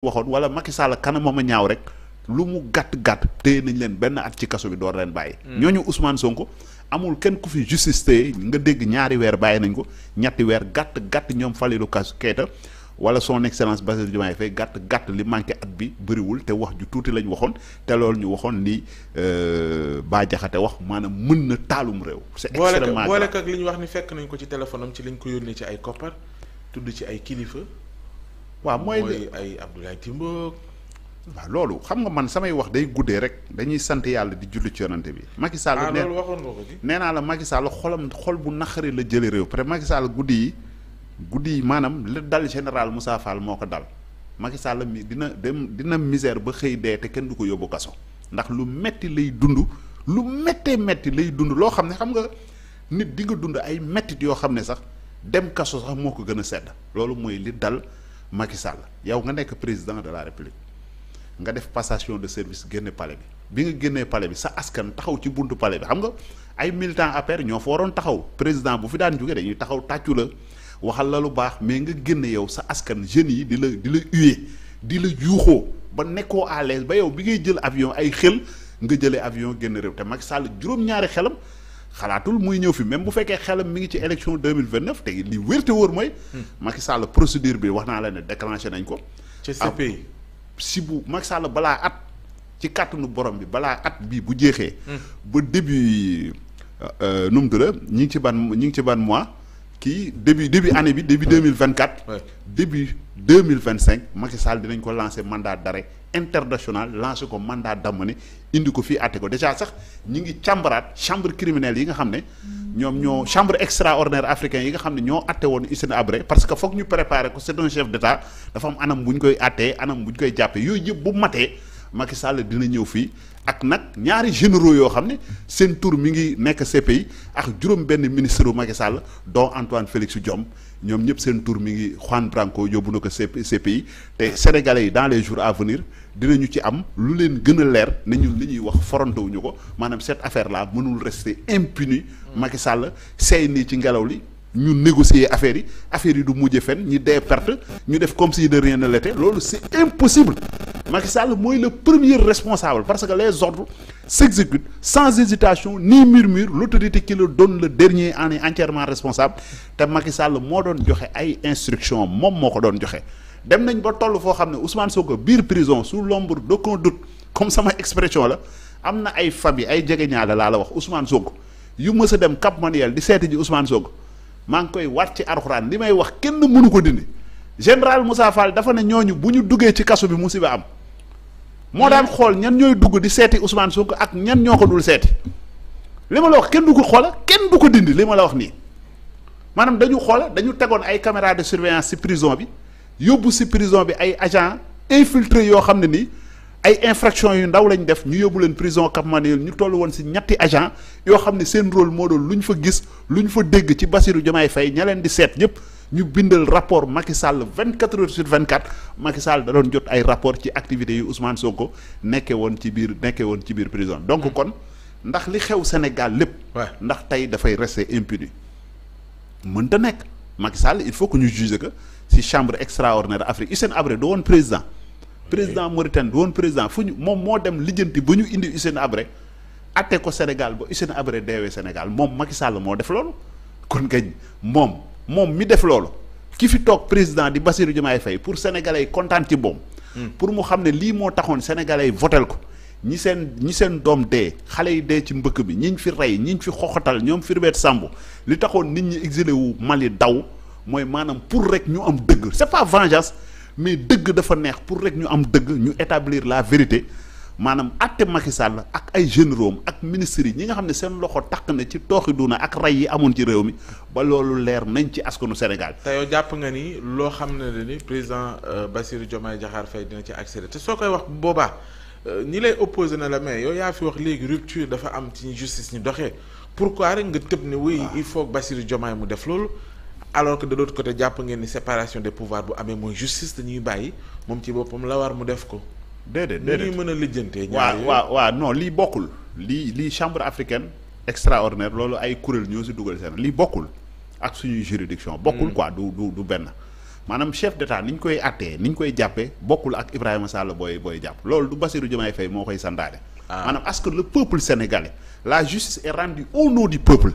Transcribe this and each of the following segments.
waxoon wala Macky Sall kanam a ñaaw rek lu mu gàtt gàtt téye nañ leen benn at ci kaso bi door leen bàyyi. Mm. ñooñu Ousmane Sonko amul kenn ku fi justice téye nga dégg ñaari weer bàyyi nañ ko ñetti weer gàtt gàtt ñoom Falilou Keita wala son excellence Bassirou Diomaye Faye gàtt gàtt li manqué at bi bëriwul te wax ju tuuti lañ waxoon te loolu ñu waxoon li euh, Bah Diakhaté wax maanaam mën na taalum réew. c'est extrêmement boole ak li ñu wax ni fekk nañ ko ci téléphone am ci liñ ko yónnee ci ay koppar tudd ci ay kilifa. waaw mooy ay Abdoulaye Timbo. waaw loolu xam nga man samay wax day guddee rek dañuy sant yàlla di julli ci bi. Macky Sall ah, nee loolu naa la Macky Sall xolam xol bu naqari la jëlee réew pare Macky Sall guddi yi guddi yi maanaam li dal général Moussa Fall moo ko dal Macky Sall mi dina dem dina misère ba xëy dee te kenn du ko yóbbu kaso ndax lu metti lay dund lu méttee métti lay dund loo xam ne xam nga nit di nga dund ay méttit yoo xam ne sax dem kaso sax moo ko gën a sedd loolu mooy li dal. Macky Sall yow nga nekk président de la République nga def passation de service génne pale bi bi nga génnee pale bi sa askan taxaw ci buntu pale bi xam nga ay militants APR ñoo fa waroon taxaw président bu fi daan jóge dañuy taxaw tàccu la waxal la lu baax mais nga génne yow sa askan jeunes yi di la di la huer di la juuxoo ba nekkoo à l'aise ba yow bi ngay jël avion ay xel nga jëlee avion génn réew te Macky Sall juróom-ñaari xelam xalaatul muy ñëw fi même bu fekkee xelam mi ngi ci élection 2029 te li wér te wóor mooy. Macky Sall procédure bi wax naa la ne déclenché nañ ko. ci CPI ah, si bu Macky Sall balaa at ci kàttanu borom bi balaa at bii bu jeexee. Hmm. ba début euh, euh, nu mu ngi ci ban ñi ngi ci ban mois. kii début début année bi début deux mille vingt quatre. début deux mille vingt cinq Macky Sall dinañ ko lancer mandat d'arrêt international lancer ko mandat d'amener indi ko fii àtte ko déjà sax ñi ngi càmbaraat chambre criminelle yi nga xam ne. ñoom ñoo chambre extraordinaire africain yi nga xam ne ñoo àtte woon Hissène Habré parce que foog ñu préparer ko c'est un chef d'État dafa am anam bu ñu koy àttee anam bu ñu koy jàppee yooyu yëpp bu matee. Macky Sall dina ñëw fii ak nag ñaari généro yoo xam ne seen tour mi ngi nekk CPI ak juróom benn ministre u Macky Sall dont Antoine Félix Diome ñoom ñëpp seen tour mi ngi Juan Branco yóbbu na ko CPI te sénégalais yi dans les jours à venir dinañu ci am lu leen gën a leer ne ñu li ñuy wax forontewuñu ko maanaam cette affaire laa mënul rester impuni Macky Sall seey nii ci ngelaw li ñu négocier affaire yi affaire yi du mujje fen ñi dee perte ñu def comme si de rien ne l'était loolu c'est impossible Macky Sall mooy le premier responsable parce que les ordres s'exécutent sans hésitation ni murmure l'autorité qui le donne le dernier en est entièrement responsable te Macky Sall moo doon joxe ay instructions moom moo ko doon joxe dem nañ ba toll foo xam ne Ousmane Sonko biir prison su l'ombre d'aucun doute comme sama expression la am na ay famille ay jegeñaale laa la wax Ousmane Sonko yu mës a dem Cap Manuel di seeti ji Ousmane Sonko maa ngi koy wàcc ci Alxuraan li may wax kenn mënu ko dindi général Moussa Fall dafa ne ñooñu bu ñu duggee ci kaso bi musiba am. moo daan xool ñan ñooy dugg di seeti Ousmane Sonko ak ñan ñoo ko dul seeti li ma la wax kenn du ko xoola kenn du ko dindi li ma la wax nii maanaam dañu xoola dañu tegoon ay caméra de surveillance ci prison bi yóbbu ci prison bi ay agent infiltré yoo xam ne nii ay infraction yu ndaw lañu def ñu yóbbu leen prison Cap ñu toll woon ci ñetti agent yoo xam ne seen rôle moo doon lu ñu fa gis lu ñu fa dégg ci Bassirou Diomaye Faye ña leen di seet ñëpp ñu bindal rapport Macky Sall 24 heures sur 24 Macky Sall da doon jot ay rapport ci activités yu soo ko nekkee woon ci biir nekkee woon ci biir prison donc kon ndax li xew Sénégal lépp. ndax tey dafay rester impuni mënta nekk Macky Sall il faut que ñu juge que si chambre extraordinaire Afrique Hissène Habré du woon président. président Mauritanie du woon président fu ñu moom moo dem lijjanti bu ñu indi Hissène Habré atte ko Sénégal ba Hissène Habré deewee Sénégal moom Macky Sall moo def loolu kon kañ moom. moom mi def loolu ki fi toog président di Bassirou Diomaye Faye pour sénégalais yi kontaan ci moom. Hmm. pour mu xam ne lii moo taxoon sénégalais yi voteel ko ñi seen ñi seen doom dee xale yi dee ci mbëkk bi ñiñ fi rey ñiñ fi xoxatal ñoom Firbeet Sambou li taxoon nit ñi exilé wu Mali daw mooy maanaam pour rek ñu am dëgg c'est pas vengeance mais dëgg dafa neex pour rek ñu am dëgg ñu établir la vérité maanaam àtte Macky Sall ak ay généraux ak ministres yi ñi nga xam ne seen loxo takk na ci tooxi duuna ak rey yi amoon ci réew mi ba loolu leer nañ ci askanu Sénégal. te yow jàpp nga ni loo xam ne ni président euh, Bassirou Diomaye Diakhar Faye dina ci accéder te soo koy wax boobaa euh, ñi lay opposé na la mais yow yaa fi wax léegi rupture dafa am ci justice ñu doxee pourquoi rek nga tëb ne oui ah. il faut que Bassirou mu def loolu. alors que de l'autre côté jàpp ngeen ni séparation de pouvoirs bu amee mooy justice dañuy bàyyi moom ci boppam la war mu def ko. déedéet déedéet mën a lijjantee. ñaar waaw waaw non lii bokkul lii lii chambre africaine extraordinaire loolu ay kuréel ñoo si dugal seen lii bokkul ak suñuy juridiction bokkul mm. quoi du du du benn maanaam chef d'état ni ñu koy attee ni koy jàppe bokkul ak Ibrahima Sall booy booy jàpp loolu du Bassirou Diomaye fay moo koy sandaane ah. maanaam parce que le peuple sénégalais la justice est rendue au nom du peuple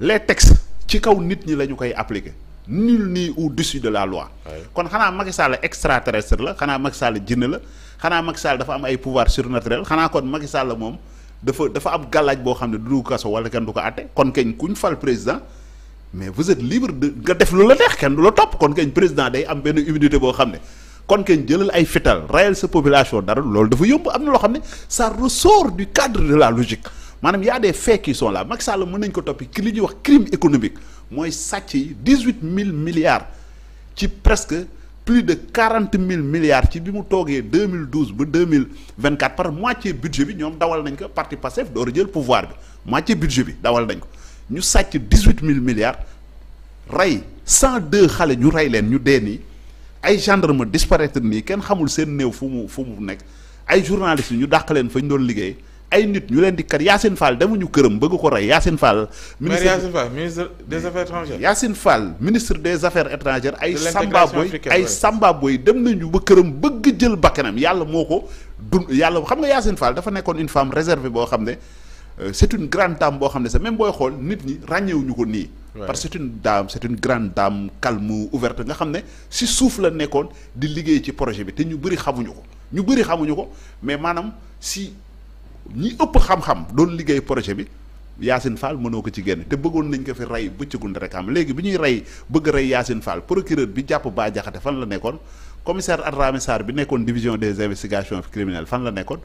les textes ci kaw nit ñi la ñu koy appliquer nu n'est au-dessus de la loi. kon xanaa Macky Sall extraterrestre la xanaa Macky Sall jinne la xanaa Macky Sall dafa am ay pouvoir surnaturel xanaa kon Macky Sall moom dafa dafa am gàllaaj boo xam ne du dugg kaso wala kenn du ko àtte kon keñ kuñ fal président mais vous êtes libre de nga def lu la neex kenn du la topp kon keñ président day am benn humidité boo xam ne kon keñ jëlal ay fital rayal sa population dara loolu dafa yomb am na loo xam ne ça ressort du cadre de la logique. maanaam y a des faits qui sont là mën nañ ko toppi li ñuy wax crime économique mooy sàcc yi dix huit mille milliards ci presque plus de quarante mille milliards ci bi mu toogee deux mille douze ba deux mille vingt quatre par moitié budget bi ñoom dawal nañ ko parti Pastef door a jël pouvoir bi moitié budget bi dawal nañ ko ñu sàcc dix huit mille milliards rey cent deux xale ñu rey leen ñu dee nii ay gendarme disparaître nii kenn xamul seen néew fu mu fu mu nekk ay journalistes ñu dàq leen fa ñu doon liggéey. ay nit ñu leen di kat Yacine Fall demuñu këram bëgg ko rey Yacine Fall. ministre Yacine Fall ministre des affaires étrangères. Yacine Fall ministre des affaires étrangères. ay Samba boy ay Samba boy dem nañu ba këram bëgg jël bakkanam yàlla moo ko dun yàlla xam nga Yacine Fall dafa nekkoon une femme réservée boo xam ne euh, c'est une grande dame boo xam ne sax même booy xool nit ñi ràññewuñu ko nii. parce que c'est une dame c'est une grande dame calme ouverte nga xam ne si suuf la nekkoon di liggéey ci projet bi te ñu bëri xamuñu ko ñu bëri xamuñu ko mais maanaam si. ñi ëpp xam-xam doon liggéey projet bi Yacine Fall mënoo ko ci génn te bëggoon nañ ko fi rey bëccëgul rek am léegi bi ñuy rey bëgg rey Yacine Fall procureur bi jàpp Bah Diakhaté fan la nekkoon commissaire Adrame Sarr bi nekkoon division des investigations criminelles fan la nekkoon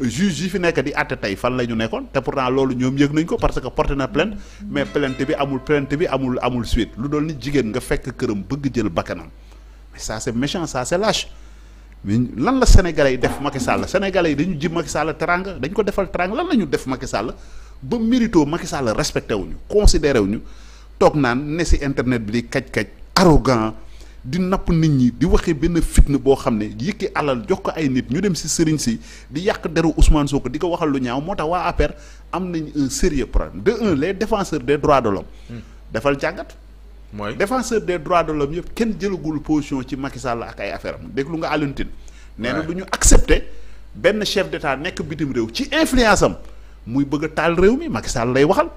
juge yi fi nekk di àtte tey fan la ñu nekkoon te pourtant loolu ñoom yëg nañ ko parce que porté na plainte mais plainte bi amul plainte bi amul amul suite lu doon ni jigéen nga fekk këram bëgg jël bakkanam mais ça c'est méchant ça mais lan la sénégalais yi def Macky Sall sénégalais yi dañu ji Macky Sall teranga dañ ko defal teranga lan la ñu def Macky Sall ba mérito Macky Sall respecté wuñu considéré wuñu toog naan ne si internet bi di kaj-kaj arrogant di napp nit ñi di waxee benn fitna boo xam ne yëkki alal jox ko ay nit ñu dem si sëriñ si di yàq deru Ousmane Sonko di ko waxal lu ñaaw moo tax waa APR am nañ un sérieux problème de un les défenseurs des droits de l'homme hmm. defal jàngat mooy défenseur des droits de l'homme yëpp kenn jëlagul position ci Macky Sall ak ay affaire déglu nga Alioune Tine nee na du ñu accepter benn chef d'état nekk bitim réew ci influence am muy bëgg a taal réew mi Macky Sall lay waxal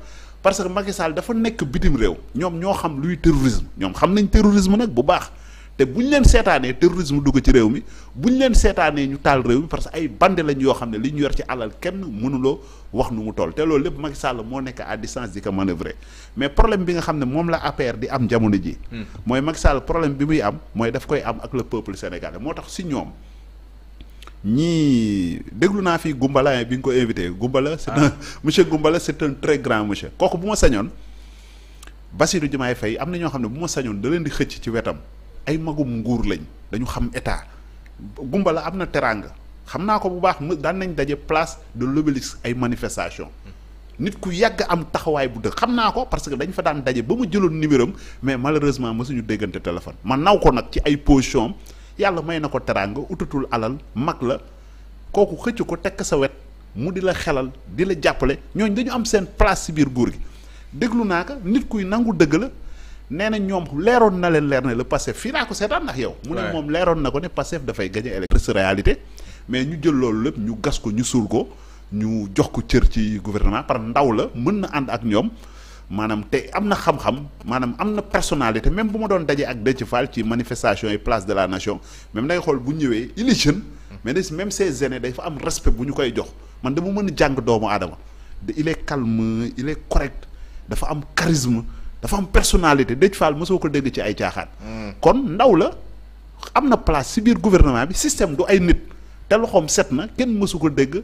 parce que Macky Sall dafa nekk bitim réew ñoom ñoo xam luy terrorisme ñoom xam nañ terrorisme nag bu baax te bu ñu leen seetaanee terrorisme dugg ci réew mi bu ñu leen seetaanee ñu taal réew mi parce que ay bande lañ yoo xam ne li ñu yor ci alal kenn mënuloo wax nu mu toll te loolu lépp Macky Sall moo nekk à distance di ko manœuvrer mais bi nga xam ne moom la APR di am jamono ji hmm. mooy Macky Sall problème bi muy am mooy daf koy am ak le peuple moo tax si ñoom ñii déglu naa fii Goumbala bi nga ko invité Goumbala c'est ah. un monsieur Goumbala c'est un très kooku bu ma sañoon Bassirou Diomaye fey am na ñoo xam ne bu ma sañoon da leen di xëcc ci wetam ay magum nguur lañ dañu xam état gumba la am na teraanga xam naa ko bu baax daan nañ daje place de l'obélisque ay manifestation nit ku yàgg am taxawaay bu dëgg xam naa ko parce que dañ fa daan daje ba mu jëloon numéro mais malheureusement mësuñu déggante téléphone ma naw ko nag ci ay position yàlla may na ko teraanga utatul alal mag la kooku xëcc ko tekk sa wet mu di la xelal di la jàppale ñooñ dañu am seen place si biir góor gi déglu naa ko nit kuy nangu dëgg la nee na ñoom leeroon na leen leer ne le Pastef fii laa ko seetaan ndax yow. mu ne moom leeroon na ko ne Pastef dafay gagné élection. réalité mais ñu jël loolu lépp ñu gas ko ñu suur ko ñu jox ko cër ci gouvernement par ndaw la mën na ànd ak ñoom maanaam te am na xam-xam maanaam am na personnalité même bu ma doon dajee ak Déthié Fall ci manifestation yi place de la nation même dangay xool bu ñëwee il est jeune mais même ses aînés day fa am respect bu ñu koy jox man dama mën a jàng doomu aadama il est calme il est dafa am charisme. dafa am personalité Déthié Fall mosoo ko dégg ci ay caaxaan. Hmm. kon ndaw la am na place ci biir gouvernement bi système du ay nit te loxoom set na kenn mosu ko dégg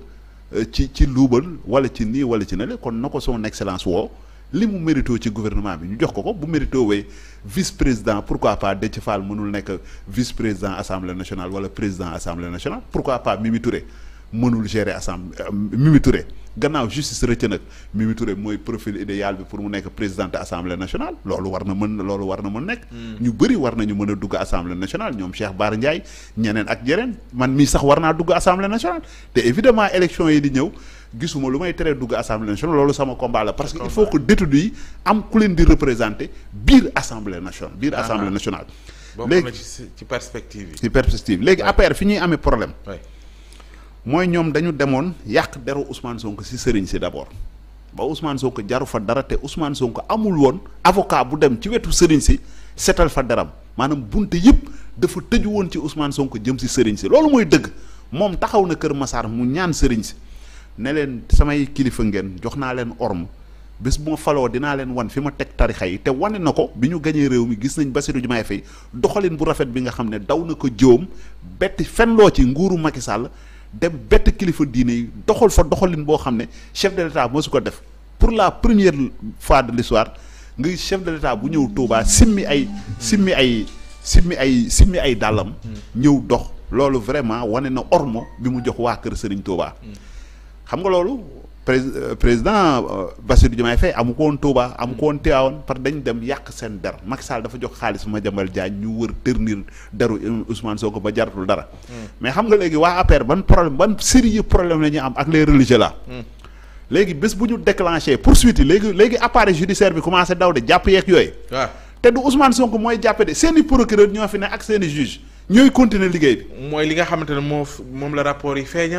euh, ci ci luubal wala ci nii wala ci nale kon na ko son excellence woo li mu mérito ci gouvernement bi ñu jox ko ko bu mérito wee vice président pourquoi pas Déthié Fall mënul nekk vice président assemblée nationale wala président assemblée nationale pourquoi pas Mimi Touré mënul gérer assemblée euh, Mimi Touré. gannaaw justice rëcc nag Mimi Touré mooy profil idéal bi pour mu nekk présidente assemblée nationale loolu war na mën loolu war na mën nekk. Hmm. ñu bëri war nañu mën a dugg assemblée nationale ñoom Cheikh Bara Ndiaye ñeneen ak ñeneen man mii sax war naa dugg assemblée nationale te évidemment élection yi di ñëw. gisuma lu may teree dugg assemblée nationale loolu sama combat la parce que il faut que détenus yi am ku leen di représenter biir assemblée nationale biir assemblée ah. ci perspective yi ci perspective léegi APR fi ñuy amee problème mooy ñoom dañu demoon yàq deru usmaan sonk si sëriñ si d'abord ba Ousmane Sonko jaru fa dara te Ousmane Sonko amul woon avocat bu dem ci wetu sëriñ si setal fa deram maanaam bunte yëpp dafa tëju woon ci Ousmane sonk jëm si sëriñ si loolu mooy dëgg moom taxaw na Kër masaar mu ñaan sëriñ si ne leen samay kilifa ngeen jox naa leen orm bés bu ma faloo dinaa leen wan fi ma teg tarixa yi te wane na ko bi ñu gañee réew mi gis nañ ba Bassirou Diomaye Faye doxalin bu rafet bi nga xam ne daw na ko jëwam betti fenloo ci nguuru Macky dem bett kilifa diine yi doxal fa doxalin boo xam ne chef de l'état su ko def pour la première fois de l'histoire nga gis chef de l'état bu ñëw toobaa simmi ay simmi ay simmi ay simmi ay dàllam ñëw dox loolu vraiment wane na ormo bi mu jox waa kër Serigne Touba hmm. xam nga loolu Euh, président euh, Bassirou Diomaye Faye amu ko woon Touba amu ko woon Tivaouane par dañ dem yàq seen der Macky Sall dafa jox xaalis Madiambal Diagne ñu wër tërnir deru Ousmane Sonko ba jaratul dara hmm. mais xam nga léegi waa APR ban problème ban sérieux problème la ñuy am ak les religieux là hmm. léegi bés bu ñu déclenché poursuite yi léegi léegi appareil judiciaire bi commencé daw de jàpp yeeg yooyu waaw te du Ousmane Sonko mooy jàppe de seen i procureur ñoo fi ne ak seen i li nga xamante ne moo moom la rapport yi